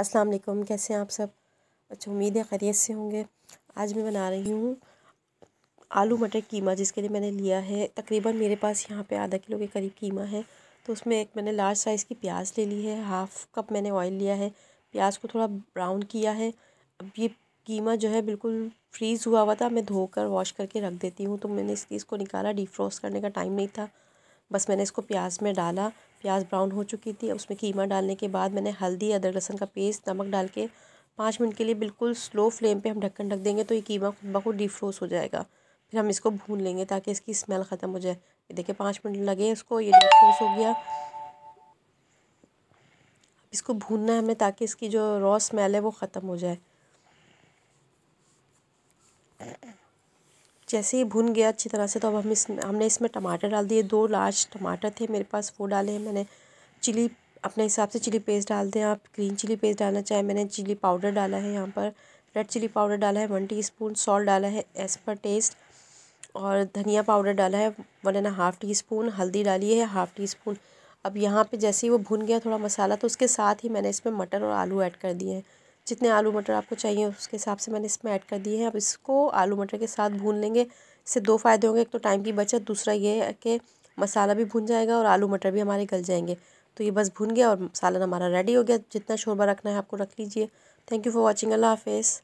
अस्सलाम वालेकुम कैसे हैं आप सब अच्छा उम्मीद है खैरियत से होंगे आज मैं बना रही हूँ आलू मटर कीमा जिसके लिए मैंने लिया है तकरीबन मेरे पास यहाँ पे आधा किलो के करीब कीमा है तो उसमें एक मैंने लार्ज साइज़ की प्याज ले ली है हाफ़ कप मैंने ऑयल लिया है प्याज को थोड़ा ब्राउन किया है अब ये कीमा जो है बिल्कुल फ्रीज़ हुआ हुआ था मैं धोकर वॉश करके रख देती हूँ तो मैंने इसकी इसको निकाला डिफ्रॉस्ट करने का टाइम नहीं था बस मैंने इसको प्याज में डाला प्याज ब्राउन हो चुकी थी उसमें कीमा डालने के बाद मैंने हल्दी अदरक लहसुन का पेस्ट नमक डाल के पाँच मिनट के लिए बिल्कुल स्लो फ्लेम पे हम ढक्कन ढक देंगे तो ये कीमा खुद डिफ्रोस हो जाएगा फिर हम इसको भून लेंगे ताकि इसकी स्मेल ख़त्म हो जाए ये देखिए पाँच मिनट लगे इसको ये डिफ्रोस हो गया इसको भूनना है हमें ताकि इसकी जो रॉ स्मेल है वो ख़त्म हो जाए जैसे ही भुन गया अच्छी तरह से तो अब हम इस हमने इसमें टमाटर डाल दिए दो लार्ज टमाटर थे मेरे पास वो डाले हैं मैंने चिली अपने हिसाब से चिली पेस्ट डालते हैं आप ग्रीन चिली पेस्ट डालना चाहें मैंने चिली पाउडर डाला है यहाँ पर रेड चिली पाउडर डाला है वन टी स्पून सॉल्ट डाला है एज पर टेस्ट और धनिया पाउडर डाला है one and half teaspoon हल्दी डाली है हाफ़ टी स्पून अब यहाँ पे जैसे ही वो भुन गया थोड़ा मसाला तो उसके साथ ही मैंने इसमें मटर और आलू ऐड कर दिए हैं जितने आलू मटर आपको चाहिए उसके हिसाब से मैंने इसमें ऐड कर दिए हैं अब इसको आलू मटर के साथ भून लेंगे इससे दो फ़ायदे होंगे एक तो टाइम की बचत दूसरा ये है कि मसाला भी भून जाएगा और आलू मटर भी हमारे गल जाएंगे तो ये बस भून गया और सालन हमारा रेडी हो गया जितना शोरबा रखना है आपको रख लीजिए थैंक यू फॉर वॉचिंग अल्लाह हाफिज़